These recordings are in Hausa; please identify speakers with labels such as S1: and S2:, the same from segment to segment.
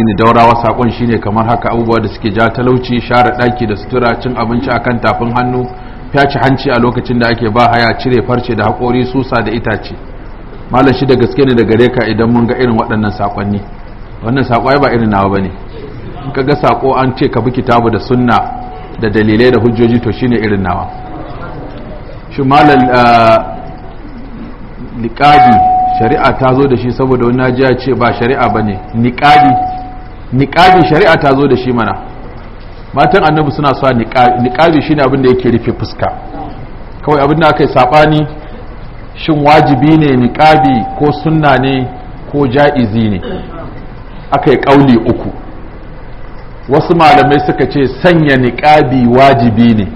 S1: addini daurawa sakon shine kamar haka abubuwa da suke ja talauci share daki da sutura cin abinci akan tafin hannu fyace hanci a lokacin da ake ba haya cire farce da hakori susa da itace malam shi da gaske ne da gare ka idan mun ga irin waɗannan sakonni wannan sako ba irin nawa bane in ka ga sako an ce ka bi kitabu da sunna da dalilai da hujjoji to shine irin nawa shi malam liqadi ah, shari'a ta zo da shi saboda wani ya ce ba shari'a bane niqadi niƙabin shari'a ta zo da shi mana matan annabi suna sa niƙabi shine abin da yake rufe fuska kawai abinda aka yi saɓani shin wajibi ne niƙabi ko sunna ne ko ja'izi ne aka yi ƙauli uku wasu malamai suka ce sanya niƙabi wajibi ne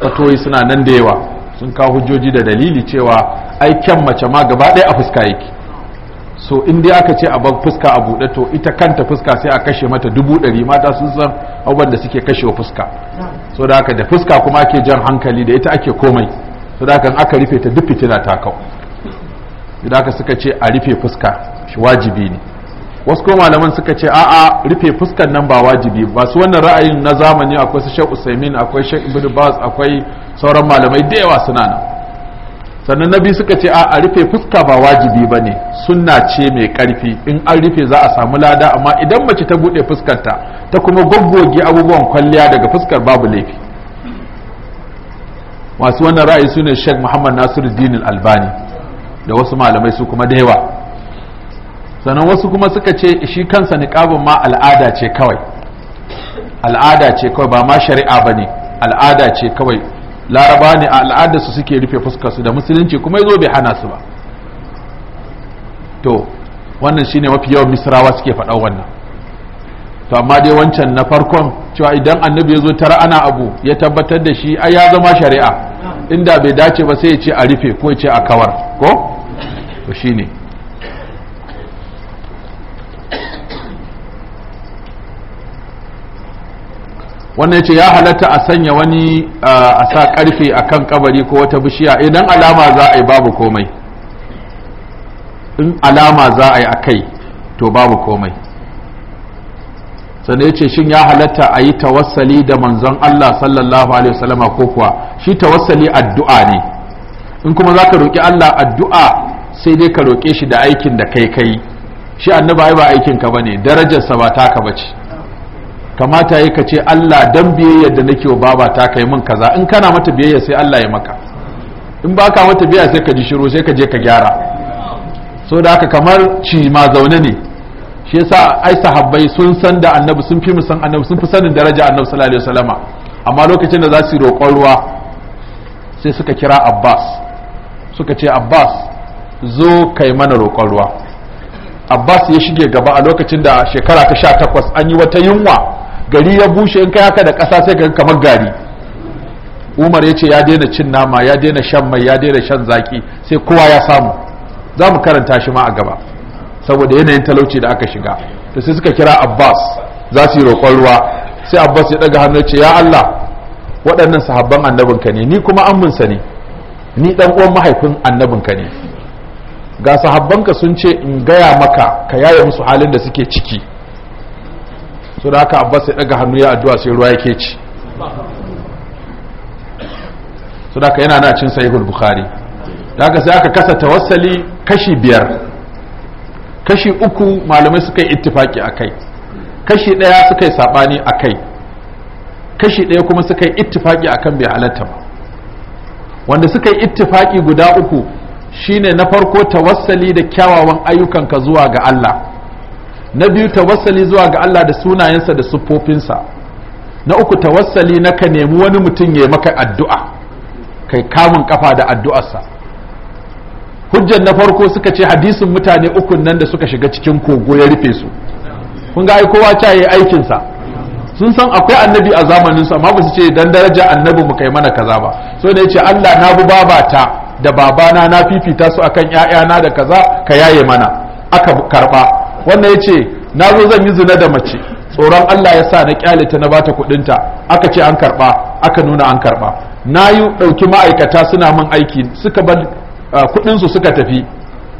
S1: fatoyi suna nan da yawa sun kawo hujjoji da dalili cewa aikin mace ma gaba ɗaya a fuska yake so in dai aka ce a bar fuska a buɗe to ita kanta fuska sai a kashe mata dubu ɗari mata sun san abubuwan da suke kashewa fuska so da haka da fuska kuma ake jan hankali da ita ake komai so da haka aka rufe ta duk fitina ta kau da haka suka ce a rufe fuska shi wajibi ne wasu ko malaman suka ce a'a rufe fuskan nan ba wajibi ba su wannan ra'ayin na zamani akwai su Sheikh Usaimin akwai shek Ibn Baz akwai sauran malamai da yawa suna nan sannan nabi suka ce a rufe fuska ba wajibi ba ne sunna ce mai karfi in an rufe za a samu lada amma idan mace ta buɗe fuskarta ta kuma goggoge abubuwan kwalliya daga fuskar babu laifi masu wannan ra'ayi su ne sheikh muhammad nasiru dinin albani da wasu malamai su kuma da yawa sannan wasu kuma suka ce shi kansa niƙabin ma al'ada ce kawai al'ada ce kawai ba ma shari'a ba ne al'ada ce kawai laraba ne a al'adar su suke rufe fuskar su da musulunci kuma yazo bai hana su ba to wannan shine mafi yawan misrawa suke faɗa wannan to amma dai wancan na farkon cewa idan annabi ya zo tara ana abu ya tabbatar da shi ai ya zama shari'a inda bai dace ba sai ya ce a rufe ko ya ce a kawar ko to shine wannan ce ya halatta a sanya wani a sa karfe a kan kabari ko wata bishiya idan alama za a yi babu komai in alama za a yi a kai to babu komai sannan ya ce shin ya halatta a yi tawassali da manzon Allah sallallahu alaihi wasallama ko kuwa shi tawassali addu'a ne in kuma za ka roƙi Allah addu'a sai dai ka roƙe shi da aikin da kai kai shi annabi ba aikin ka bane darajarsa ba taka bace kamata yi ka ce Allah dan biyayya da nake wa baba ta kai mun kaza in kana mata biyayya sai Allah ya maka in ba ka mata biyayya sai ka ji shiru sai ka je ka gyara so da haka kamar ci ma zaune ne shi yasa ai sahabbai sun san da annabi sun fi musan annabi sun fi sanin daraja annabi sallallahu alaihi wasallama amma lokacin da za su roƙon ruwa sai suka kira Abbas suka ce Abbas zo kai mana roƙon ruwa Abbas ya shige gaba a lokacin da shekara ta 18 an yi wata yunwa gari ya bushe in kai haka da ƙasa sai ka kamar gari umar ya ce ya daina cin nama ya daina shan mai ya daina shan zaki sai kowa ya samu za mu karanta shi ma a gaba saboda yanayin talauci da aka shiga da sai suka kira abbas za su yi roƙon ruwa sai abbas ya ɗaga hannu ce ya allah waɗannan sahabban annabinka ne ni kuma amminsa ne ni ɗan uwan mahaifin annabinka ne ga sahabbanka sun ce in gaya maka ka yaya musu halin da suke ciki so da haka abbas ya daga hannu ya addu'a sai ruwa yake ci so da haka yana na cin sahihul bukhari da haka sai aka kasa tawassali kashi biyar kashi uku malamai suka yi ittifaki a kai kashi ɗaya suka yi saɓani akai. kashi ɗaya kuma suka yi ittifaki a kan bai halatta ba wanda suka yi ittifaki guda uku shine na farko tawassali da kyawawan ayyukanka zuwa ga Allah na biyu tawassali zuwa ga Allah da sunayensa da siffofinsa na uku tawassali na ka nemi wani mutum ya maka addu'a kai kamun kafa da addu'arsa hujjan na farko suka ce hadisin mutane ukun nan da suka shiga cikin kogo ya rufe su kun ga ai kowa ta yi aikinsa sun san akwai annabi a zamaninsu amma ba su ce dan daraja annabi mu kai mana kaza ba so da yace Allah na bu babata da babana na fifita su akan 'ya'yana da kaza ka yaye mana aka karba wannan yace na zo zan yi zina da mace tsoron Allah ya sa na kyale ta na bata kudinta aka ce an karba aka nuna an karba na yi ɗauki ma'aikata suna min aiki suka bar ah, kudin su suka tafi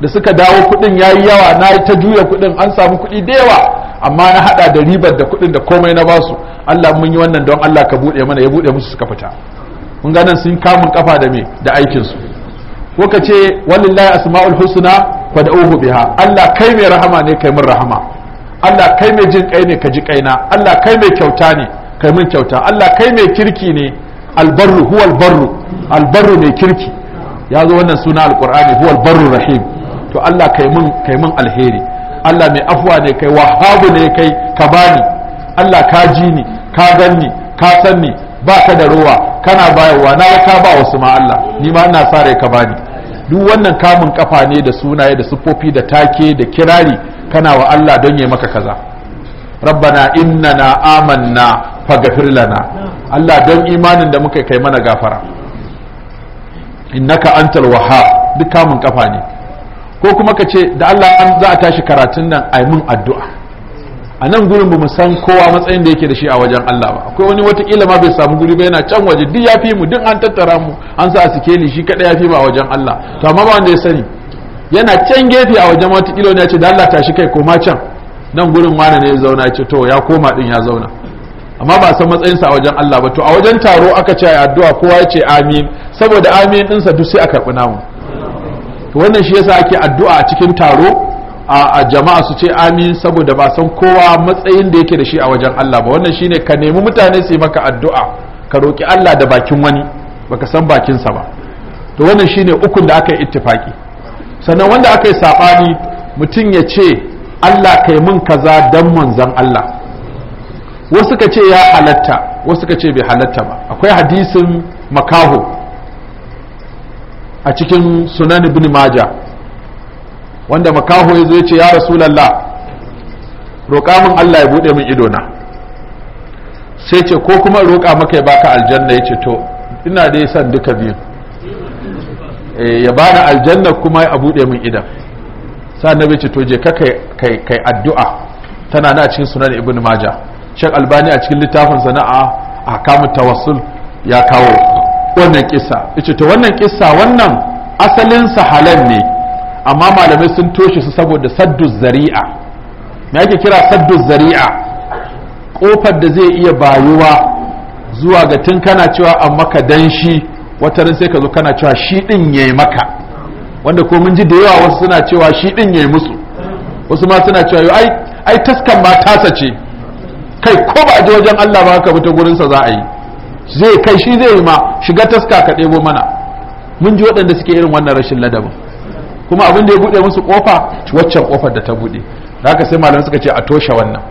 S1: da suka dawo kudin yayi yawa na ta juya kudin an samu kudi da yawa amma na hada da ribar da kudin da komai na basu Allah mun yi wannan don Allah ka bude mana ya bude musu suka fita mun ga nan sun kamun kafa da me da aikin su ko ka ce wallahi asmaul husna fad'uhu biha Allah kai mai rahama ne kai mun rahama Allah kai mai jin kai ne ka ji kaina Allah kai mai kyauta ne kai min kyauta Allah kai mai kirki ne albarru huwa albarru albarru mai kirki ya zo wannan suna alqur'ani huwa albarru rahim to Allah kai min kai min alheri Allah mai afwa ne kai wahabu ne kai ka bani Allah ka ji ni ka ganni ka san ni ka da ruwa kana bayarwa na ka ba wasu ma Allah ni ma ina sare ka bani duk wannan kamun kafa ne da sunaye da sufofi da take da kirari kana wa Allah don ya maka kaza rabbana innana amanna faghfir lana Allah don imanin da muka kai mana gafara innaka antal wahhab duk kamun kafa ne ko kuma ka ce da Allah za a tashi karatun nan a mun addu'a a nan gurin ba mu san kowa matsayin da yake da shi a wajen Allah ba akwai wani watakila ma bai samu guri ba yana can waje duk ya fi mu duk an tattara mu an sa a sikeli shi kada ya fi mu a wajen Allah to amma ba wanda ya sani yana can gefe a wajen watakila wani ya ce da Allah tashi kai koma can nan gurin wane ne ya zauna ya ce to ya koma din ya zauna amma ba san matsayin sa a wajen Allah ba to a wajen taro aka ce a addu'a kowa ya ce amin saboda amin ɗinsa duk sai aka karbi namu to wannan shi yasa ake addu'a a cikin taro a jama'a su ce amin saboda ba san kowa matsayin da yake da shi a wajen Allah ba wannan shine ka nemi mutane su yi maka addu'a ka roki Allah da bakin wani baka san bakinsa ba to wannan shine ukun da aka yi ittifaki sannan wanda aka yi saɓani mutum ya ce Allah kai mun kaza dan manzan Allah wasu ka ce ya halatta wasu ka ce bai halatta ba akwai hadisin makaho a cikin sunan ibn maja wanda makaho ya zo ya ce ya rasulallah roƙa min Allah ya buɗe min idona sai ce ko kuma roƙa maka ya baka aljanna ya ce to ina da ya son duka biyu Eh, ya bani aljanna kuma ya bude min idan sa annabi ce to je ka kai kai addu'a tana na cikin sunan ibnu Maja. shek albani a cikin littafin sana'a a kamun tawassul ya kawo wannan kissa yace to wannan kissa wannan asalin sa halal ne amma malamai sun toshe su saboda saddu zari'a me ake kira saddu zari'a kofar da zai iya bayuwa zuwa ga tun kana cewa amma ka danshi wata ran sai ka zo kana cewa shi din yayi maka wanda ko mun ji da yawa wasu suna cewa shi din yayi musu wasu ma suna cewa ai ai taskan ma tasa ce kai ko ba je wajen Allah ba ka fita gurin sa za a yi zai kai shi zai yi ma shiga taska ka debo mana mun ji waɗanda suke irin wannan rashin ladabin kuma abin da ya bude musu kofa waccan kofar da ta bude da haka sai malamai suka ce a toshe wannan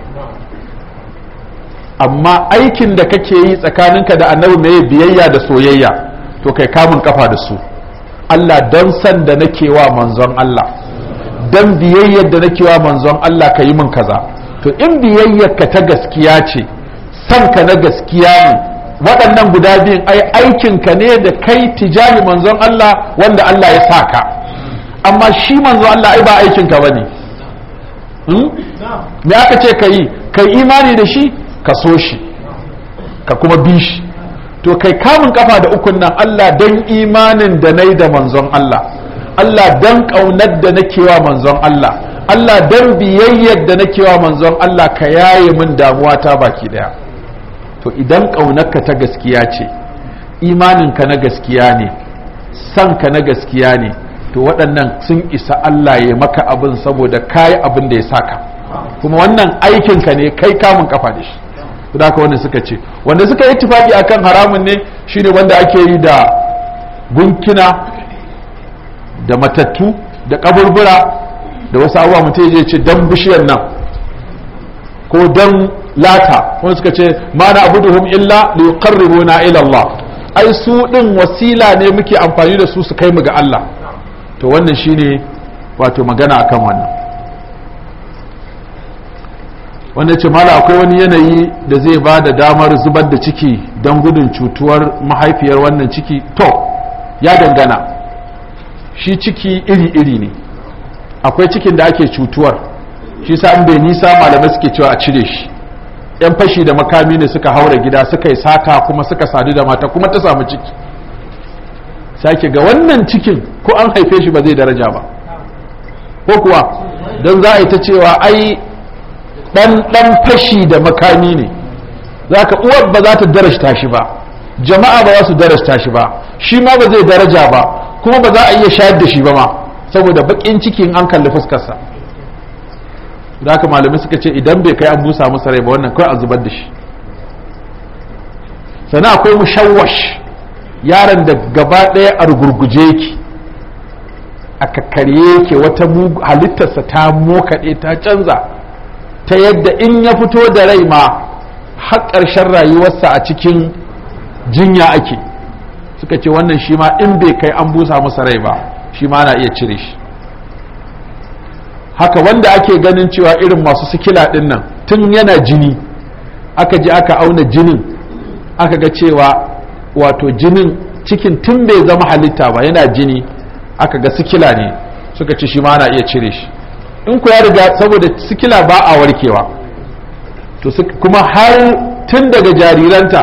S1: amma aikin da kake yi tsakaninka da annabi mai biyayya da soyayya to kai kamun kafa da su Allah don san da nake wa manzon Allah don biyayyar da nake wa manzon Allah ka yi min kaza to in biyayyar ka ta gaskiya ce san ka na gaskiya ne waɗannan guda biyun ai ka ne da kai tijani manzon Allah wanda Allah ya sa ka amma shi manzon Allah ai ba aikinka ba ne hmm? me aka ce ka yi ka imani da shi ka so shi ka kuma bi shi to kai kamun kafa da ukun nan Allah dan imanin da nai da manzon Allah Allah dan kaunar da nake wa manzon Allah Allah dan biyayyar da nake wa manzon Allah ka yaye min damuwa ta baki daya to idan kaunarka ta gaskiya ce imaninka na gaskiya ne san ka na gaskiya ne to waɗannan sun isa Allah ya maka abin saboda kai abin da ya saka kuma wannan aikinka ne kai kamun kafa da shi Su da wanda suka ce wanda suka yi tufaki kan haramun ne shine wanda ake yi da gunkina da matattu da kaburbura da wasu abubuwa mutum ya ce dan bishiyar nan ko don lata wanda suka ce ma na abuduhum illa li yuqarribuna na ilallah ai su din wasila ne muke amfani da su su kai mu ga Allah to wannan shine wato magana akan wannan wanda ce mala akwai wani yanayi da zai ba da damar zubar da ciki don gudun cutuwar mahaifiyar wannan ciki to ya dangana shi ciki iri-iri ne akwai cikin da ake cutuwar shi sa an bai nisa malamai suke cewa a cire shi yan fashi da makami ne suka haura gida suka yi sata kuma suka sadu da mata kuma ta samu ciki sake ga wannan cikin ko an haife shi ba zai daraja ba ko kuwa don za a yi ta cewa ai dan dan fashi da makami ne zaka uwar ba za ta darasta shi ba jama'a ba za su darasta shi ba shi ma ba zai daraja ba kuma ba za a iya shayar da shi ba ma saboda baƙin cikin an kalli fuskarsa Za ka malamai suka ce idan bai kai an busa masa rai ba wannan kawai a zubar da shi sannan akwai mushawwash yaron da gaba ɗaya a rugurguje yake a kakkarye yake wata halittarsa ta mokaɗe ta canza ta yadda in ya fito da rai ma har ƙarshen rayuwarsa a cikin jinya ake suka ce wannan shi ma in bai kai an busa masa rai ba shi ma na iya cire shi haka wanda ake ganin cewa irin masu sikila ɗin nan tun yana jini aka je aka auna jinin aka ga cewa wato jinin cikin tun bai zama halitta ba yana jini aka ga sikila ne suka ce shi ma na iya cire shi in ku ya riga saboda sikila ba a warkewa to kuma har tun daga jariranta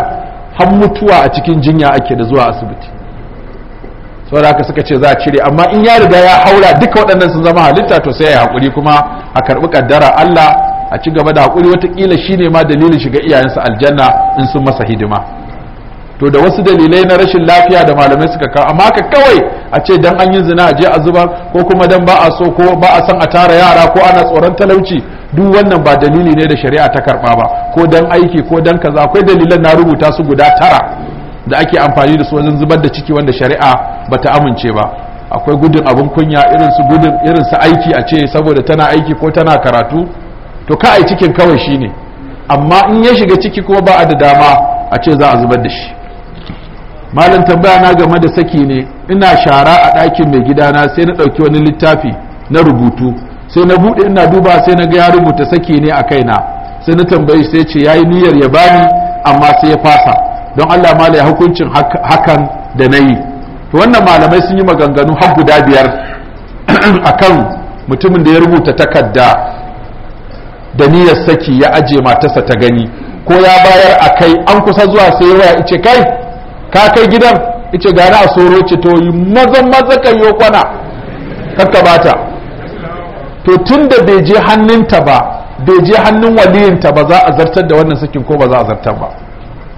S1: har mutuwa a cikin jinya ake da zuwa asibiti saboda haka suka ce za a cire amma in ya riga ya haura duka waɗannan sun zama halitta to sai ya haƙuri kuma a karɓi ƙaddara Allah a ci gaba da hakuri, watakila shi ne ma dalilin shiga iyayensa aljanna in sun masa hidima to da wasu dalilai na rashin lafiya da malamai suka kawo amma ka kawai a ce dan an yi zina a je a zuba ko kuma dan ba a so ko ba a san a tara yara ko ana tsoron talauci duk wannan ba dalili ne da shari'a ta karba ba ko dan aiki ko dan kaza akwai dalilan na rubuta su guda tara da ake amfani da su wajen zubar da ciki wanda shari'a ba ta amince ba akwai gudun abin kunya irin su aiki a ce saboda tana aiki ko tana karatu to ka ai cikin kawai shine amma in ya shiga ciki kuma ba a da dama a ce za a zubar da shi malam tambaya na game da saki ne ina shara a ɗakin mai gidana sai na ɗauki wani littafi na rubutu sai na buɗe ina duba sai na ga ya rubuta saki ne a kaina sai na tambayi sai ce yi niyyar ya bani amma sai ya fasa don Allah mala ya hukuncin hakan da na yi to wannan malamai sun yi maganganu har guda biyar kan mutumin da ya rubuta takarda da niyyar saki ya aje matarsa ta gani ko ya bayar a kai an kusa zuwa sai ya waya ice kai ka kai gidan ice ga a soro ce to yi mazan maza kan yi kwana kakka bata to tun da bai je hannunta ba bai je hannun waliyinta ba za a zartar da wannan sakin ko ba za a zartar ba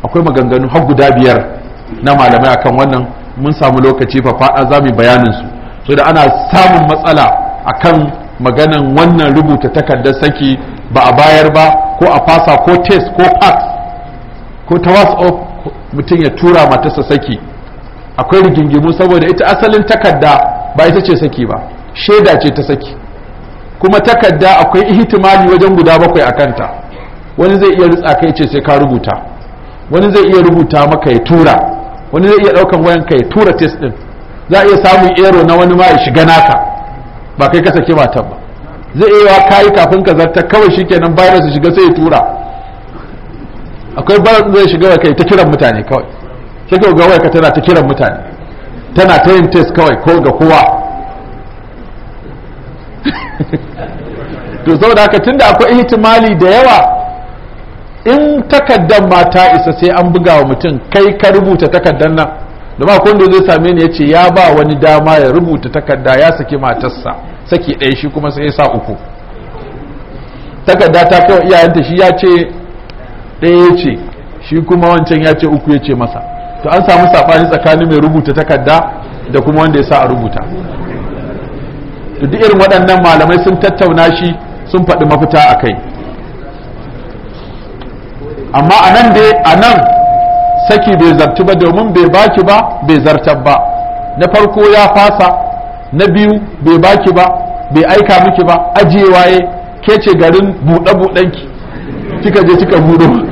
S1: akwai maganganu har guda biyar na malamai akan wannan mun samu lokaci fa faɗa za mu bayanin su so da ana samun matsala akan maganan wannan rubuta takardar saki ba a bayar ba ko a fasa ko test ko pass ko ta whatsapp mutum ya tura matarsa saki akwai rigingimu saboda ita asalin takarda ba ita ce saki ba shaida ce ta saki kuma takarda akwai ihtimali wajen guda bakwai a kanta wani zai iya rutsa kai ce sai ka rubuta wani zai iya rubuta maka ya tura wani zai iya daukan wayan ka ya tura test din za a iya samun ero na wani ma ya shiga naka ba kai ka saki matan ba zai iya kayi kafin ka zarta kawai shikenan virus shiga sai ya tura akwai barat zai shiga kai ta kiran mutane kawai sai ka ga ka tana ta kiran mutane tana ta yin test kawai ko ga kowa to saboda haka tunda akwai ihtimali da yawa in takaddan ma ta isa sai an buga wa mutum kai ka rubuta takaddan nan da ba kun zai same ni ya ce ya ba wani dama ya rubuta takadda ya saki matarsa saki ɗaya shi kuma sai ya sa uku takadda ta kai iyayenta shi ya ce ɗaya ya ce shi kuma wancan ya ce uku ya ce masa to an samu saɓani tsakanin mai rubuta takarda da kuma wanda ya sa a rubuta to duk irin waɗannan malamai sun tattauna shi sun faɗi mafita a kai amma a nan dai a nan saki bai zartu ba domin bai baki ba bai zartar ba na farko ya fasa na biyu bai baki ba bai aika miki ba ajiye waye ke ce garin buɗe ki kika je kika buɗe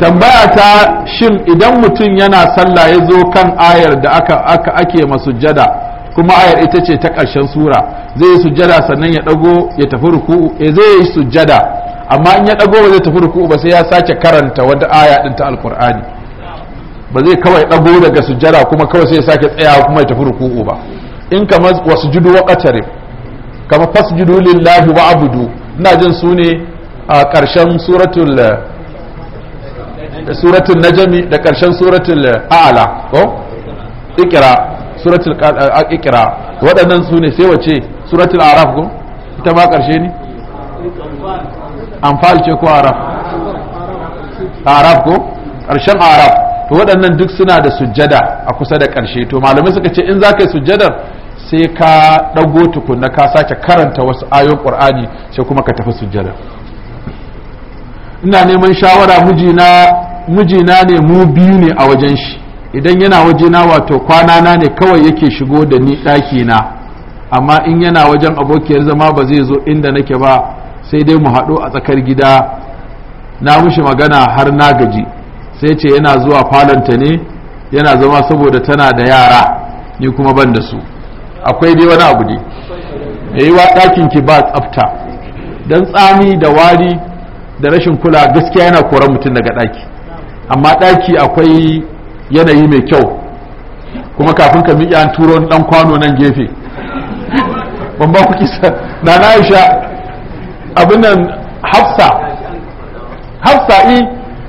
S1: tambaya ta shin idan mutum yana sallah ya zo kan ayar da aka aka ake masujjada kuma ayar ita ce ta ƙarshen sura zai yi sujjada sannan ya dago ya tafi ruku'u eh zai yi sujjada amma in ya dago ba zai tafi ruku'u ba sai ya sake karanta wata aya din ta alqur'ani ba zai kawai dago daga sujjada kuma kawai sai ya sake tsayawa kuma ya tafi ruku'u ba in kamar judu wa qatarib kamar fasjudu lillahi wa abudu ina jin su ne a ƙarshen suratul suratul najami da ƙarshen suratul a'ala ko ikira suratul ikra waɗannan su ne sai wace suratul araf ko ita ma ƙarshe ne anfal ce ko araf araf ko ƙarshen araf to waɗannan duk suna da sujjada a kusa da ƙarshe, to malamai suka ce in za ka yi sujjadar sai ka ɗago tukunna ka sake karanta wasu ayon ƙur'ani sai kuma ka tafi sujjadar ina neman shawara mijina mijina ne mu biyu ne a wajen shi idan yana wajena wato kwana na ne kawai yake shigo da ni ɗaki na amma in yana wajen abokiyar zama ba zai zo inda nake ba sai dai mu haɗu a tsakar gida na mushi magana har na gaji sai ce yana zuwa falonta ne yana zama saboda tana da yara ni kuma ban da su akwai dai wani abu ne yayiwa ɗakin ki ba tsafta don tsami da wari da rashin kula gaskiya yana koran mutum daga ɗaki amma ɗaki akwai yanayi mai kyau kuma kafin ka miƙe an turo ɗan kwano nan gefe ban ba ku na aisha abin nan hafsa hafsa i eh,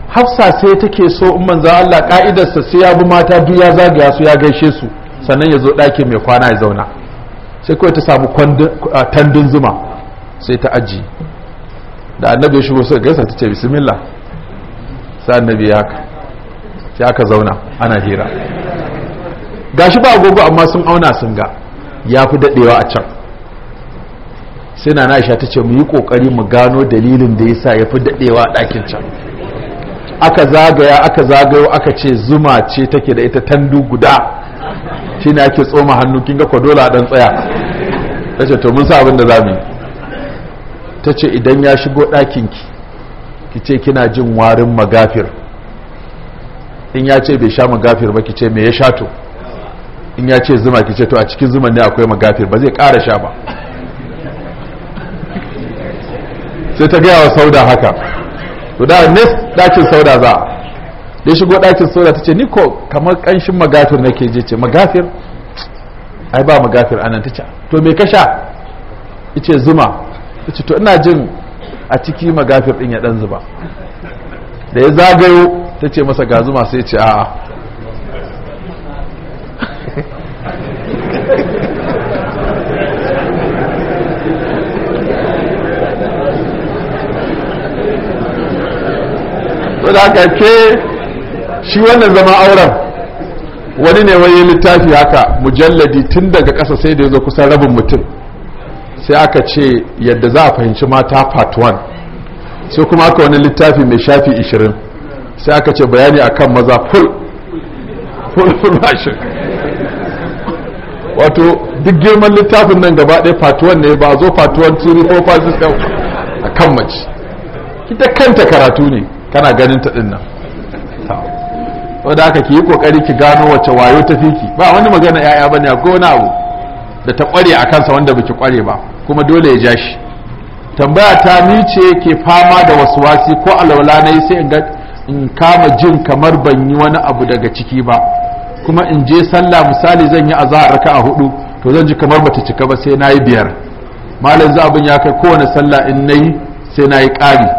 S1: hafsa sai take so in manzan Allah ka'idarsa sai ya bi mata duk ya zagaya su ya gaishe su sannan ya zo ɗakin mai kwana ya zauna sai kawai ta samu tandun zuma sai ta aji da annabi ya shigo suka gaisa ta ce bismillah sai na biya haka sai aka zauna ana hira gashi ba agogo amma sun auna sun ga ya fi daɗewa a can sai na aisha ta ce mu yi ƙoƙari mu gano dalilin da yasa ya fi daɗewa a ɗakin can aka zagaya aka zagayo aka ce zuma ce take da ita tandu guda shi na ke tsoma hannu kin ga kwadola dan tsaya ta ce to mun sa abin da za mu yi ta ce idan ya shigo ɗakinki ki ce kina jin warin magafir in ya ce bai sha magafir ba ki ce me ya sha to in ya ce zuma ki ce to a cikin zuma ne akwai magafir ba zai ƙara sha ba sai ta gaya wa sauda haka to da nes ɗakin sauda za da shigo ɗakin sauda ta ce ni ko kamar ƙanshin magafir nake je ce magafir ai ba magafir anan ta ce to me ka sha ice zuma ita ce to ina jin a ciki magafir ɗin ya ɗan zuba da ya zagayo ta ce masa ga zuma sai ce a'a aka ke shi wannan zama auren wani ne wani littafi haka mujalladi tun daga ƙasa sai da ya zo kusan rabin mutum sai aka ce yadda za a fahimci mata part 1 sai kuma aka wani littafi mai shafi 20 sai aka ce bayani akan maza full full full mashin wato duk girman littafin nan gaba ɗaya part 1 ne ba zo part 1 2 3 4 5 6 a kan mace ita kanta karatu ne kana ganin ta ɗin nan wadda aka ki yi kokari ki gano wace wayo ta fiki ba wani magana yaya bane ko wani abu da ta kware a kansa wanda baki kware ba kuma dole ya ja shi tambaya ta ni ce ke fama da wasu wasi ko alwala na yi sai in kama jin kamar ban yi wani abu daga ciki ba kuma in je sallah misali zan yi azahar raka hudu to zan ji kamar bata cika ba sai nayi biyar malam za abin ya kai kowane sallah in nayi yi sai nayi kari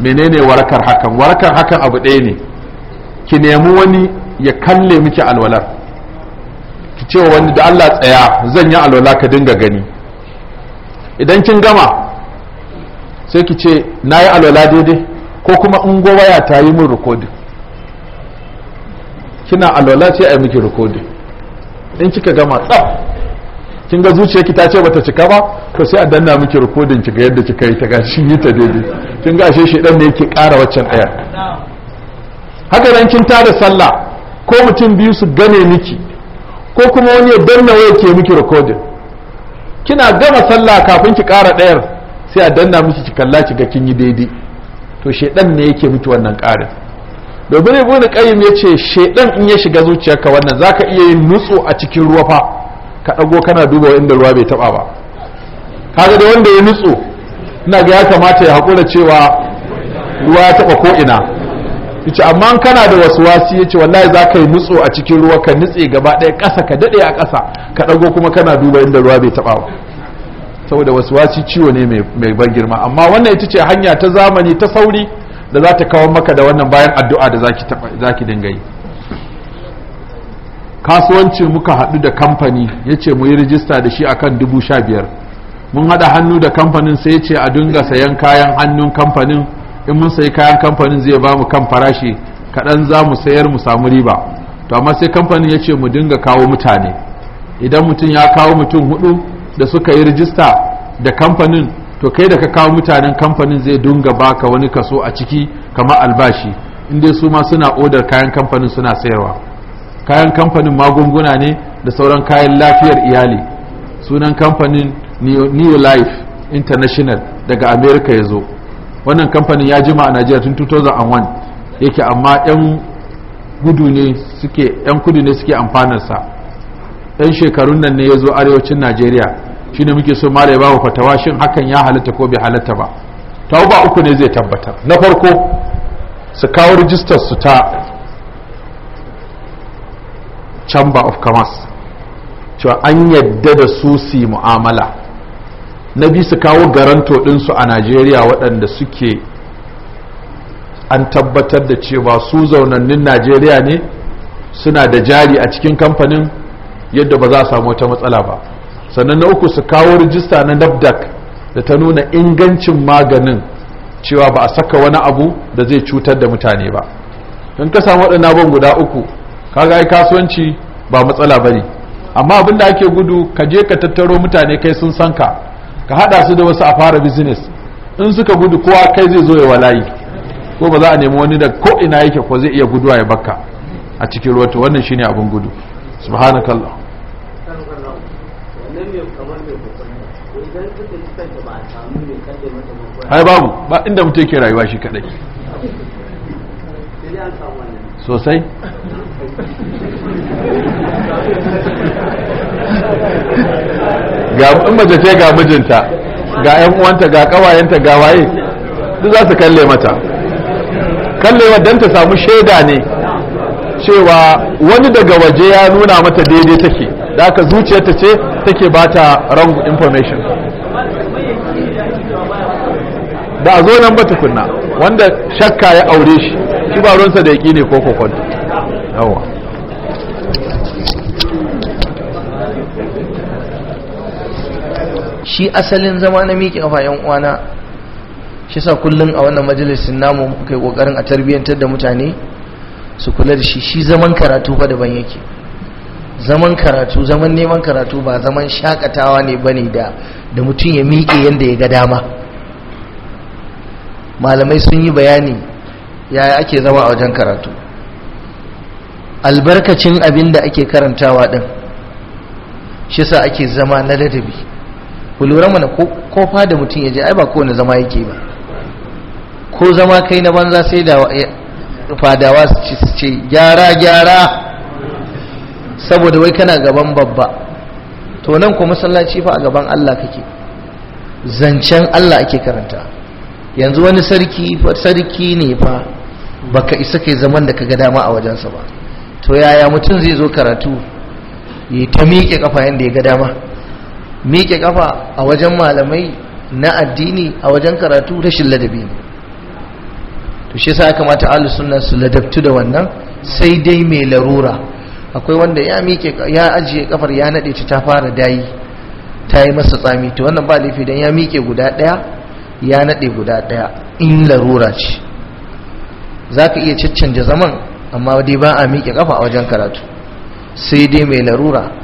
S1: menene warakar hakan warakar hakan abu ɗaya ne ki nemi wani ya kalle miki alwalar ki ce wani da Allah tsaya zan yi alwala ka dinga gani idan kin gama sai ki ce na yi alwala daidai ko kuma in waya ta yi min rikodin kina alwala sai a yi miki rikodin in kika gama tsaf kin ga zuciyarki ta ce bata cika ba to sai a danna miki rikodin ki ga yadda kika yi ta ga shi yi ta daidai kin ga ashe dan ne yake ƙara waccan ɗaya haka nan kin tada sallah ko mutum biyu su gane miki ko kuma wani ya danna waya ke miki rikodin kina gama sallah kafin ki ƙara ɗayar sai a danna miki ki kalla ki ga kin yi daidai to shedan ne yake miki wannan ƙarin domin ibn qayyim yace shedan in ya shiga zuciyarka wannan zaka iya yin nutsu a cikin ruwa fa ka dago kana duba inda ruwa bai taba ba kaga da wanda ya nutsu ina ga ya kamata ya hakura cewa ruwa ya taba ko ina yace amma kana da waswasi yace wallahi za ka yi nutso a cikin ruwa ka nutse gaba ɗaya ƙasa ka daɗe a ƙasa ka ɗago kuma kana duba inda ruwa bai taɓa ba saboda waswasi ciwo ne mai ban girma amma wannan ita ce hanya ta zamani ta sauri da za ta kawo maka da wannan bayan addu'a da za ki dinga yi kasuwanci muka haɗu da kamfani yace ce mu yi rijista da shi akan dubu sha biyar mun haɗa hannu da kamfanin sai ya ce a dinga sayan kayan hannun kamfanin in mun sayi kayan kamfanin zai ba mu kan farashi kaɗan za mu sayar mu samu riba to amma sai kamfanin ya ce mu dinga kawo mutane idan mutum ya kawo mutum hudu da suka yi rijista da kamfanin to kai da ka kawo mutanen kamfanin zai dinga baka wani kaso a ciki kamar albashi inda su ma suna odar kayan kamfanin suna sayarwa kayan kamfanin magunguna ne da sauran kayan lafiyar iyali sunan kamfanin new life international daga america ya zo wannan kamfanin ya jima a najeriya tun 2001 yake amma 'yan gudu ne suke 'yan kudu ne suke amfanarsa 'yan shekarun nan ne ya zo arewacin najeriya shi ne muke so mara ya ba fatawa shin hakan ya halatta ko bai halatta ba tauba uku ne zai tabbatar na farko su kawo rijistar su ta chamber of commerce cewa an yadda da su su mu'amala na bi su kawo garanto ɗinsu a najeriya waɗanda suke an tabbatar da cewa su zaunannin najeriya ne suna da jari a cikin kamfanin yadda ba za a samu wata matsala ba sannan na uku su kawo rijista na nafdak da ta nuna ingancin maganin cewa ba a saka wani abu da zai cutar da mutane ba in ka samu waɗannan ban guda uku kaga ai kasuwanci ba matsala ba ne amma abin da ake gudu ka je ka tattaro mutane kai sun san ka ka hada su da wasu a fara business in suka gudu kowa kai zai zo ya walayi ko ba za a nemi wani da ko ina yake ko zai iya guduwa ya bakka a cikin ruwata Wannan wannan shine abin gudu subhanakallah
S2: ai babu ba inda
S1: mutum yake rayuwa shi kadai sosai ga in mace ce ga mijinta ga 'yan uwanta ga kawayenta ga waye duk za su kalle mata kallewa don ta samu shaida ne cewa wani daga waje ya nuna mata daidai take da aka zuciyarta ce take ba ta wrong information ba a zo nan ba tukunna wanda shakka ya aure shi shi ba ruwansa da yaƙi ne ko kokon
S2: yawa shi asalin zama na miƙe a yan uwana shi sa kullum a wannan majalisin namu kai ƙoƙarin kokarin a tarbiyyantar da mutane su kula da shi shi zaman karatu fa daban yake zaman karatu zaman neman karatu ba zaman shakatawa ne bane da da mutum ya miƙe yanda ya ga dama malamai sun yi bayani yaya ake zama a wajen karatu albarkacin abin da ake karantawa din shi sa ake zama na ladabi ku lura mana ko fada mutum ya je ai ba kowane zama yake ba ko zama kai na banza sai da fadawa su ce gyara gyara saboda wai kana gaban babba to nan ku masallaci fa a gaban Allah kake zancen Allah ake karanta yanzu wani sarki sarki ne fa baka isa kai zaman da ka ga dama a wajensa ba to yaya mutum zai zo karatu ya ta miƙe kafa yanda ya ga dama miƙe kafa a wajen malamai na addini a wajen karatu rashin ladabi ne to shi sa kamata ahlus sunna su ladabtu da wannan sai dai mai larura akwai wanda ya miƙe ya ajiye kafar ya nade ta ta fara dayi ta yi masa tsami to wannan ba laifi dan ya miƙe guda ɗaya ya nade guda ɗaya in larura ce zaka iya caccanje zaman amma dai ba a miƙe kafa a wajen karatu sai dai mai larura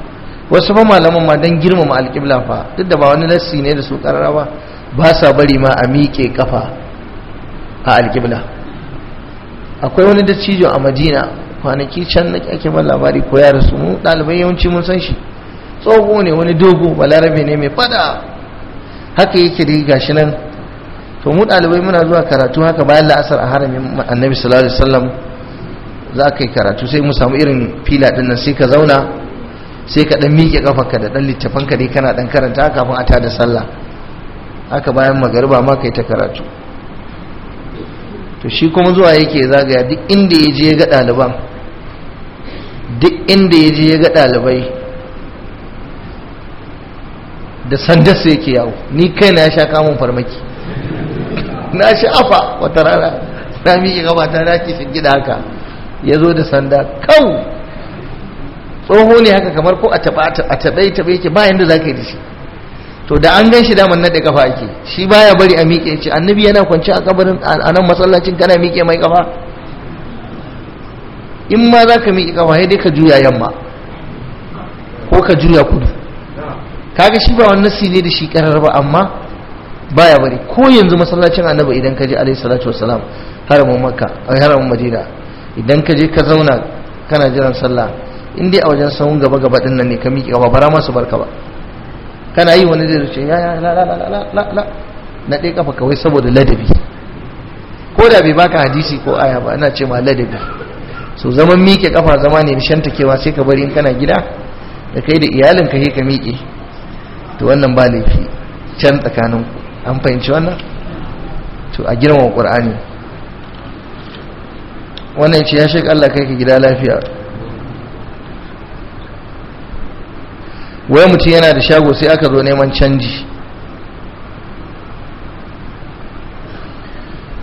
S2: wasu fa malaman ma don girmama alƙibla fa duk da ba wani lassi ne da su ƙarara ba ba sa bari ma a miƙe ƙafa a alƙibla akwai wani dattijo a madina kwanaki can na ake ban labari ko yara su mu ɗalibai yawanci mun san shi tsoho ne wani dogo balarabe ne mai fada haka yake da gashi nan to mu ɗalibai muna zuwa karatu haka bayan la'asar a haramin annabi sallallahu alaihi wasallam za ka yi karatu sai mu samu irin fila ɗin nan sai ka zauna sai ka dan miƙe kafarka da dan littafanka dai kana dan karanta kafin a tada sallah haka bayan magariba ma kai ta karatu to shi kuma zuwa yake zagaya duk inda ya je ya ga ɗaliban duk inda ya je ya ga ɗalibai da sandarsa yake yawo ni kai na sha kamun farmaki na sha'afa wata rana na miƙe gabata na kishin gida haka ya zo da sanda kawai tsoho ne haka kamar ko a taɓa taɓe yake ba da za ka yi da shi to da an gan shi daman naɗe kafa ake shi baya bari a miƙe ce annabi yana kwanci a kabarin a nan masallacin kana miƙe mai kafa in ma za ka miƙe kafa dai ka juya yamma ko ka juya kudu kaga shi ba wannan si ne da shi karar ba amma baya bari ko yanzu masallacin annabi idan ka je alaihi salatu wassalam haramun makka haramun madina idan ka je ka zauna kana jiran sallah in dai a wajen sahun gaba gaba din nan ne ka miƙe gaba bara masu barka ba kana yi wani zai ce ya ya la la la la la na ɗaya kafa kawai saboda ladabi ko da bai baka hadisi ko aya ba ana ce ma ladabi so zaman miƙe kafa zama ne kewa sai ka bari in kana gida da kai da iyalin ka ka miƙe to wannan ba laifi can tsakanin an fahimci wannan to a girmama ƙur'ani wannan ce ya shek Allah kai ka gida lafiya wai mutum yana da shago sai aka zo neman canji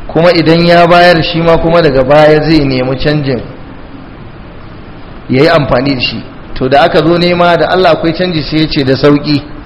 S2: kuma idan ya bayar shi ma kuma daga baya zai nemi canjin ya yi amfani da shi to da aka zo nema da allah akwai canji sai ya ce da sauƙi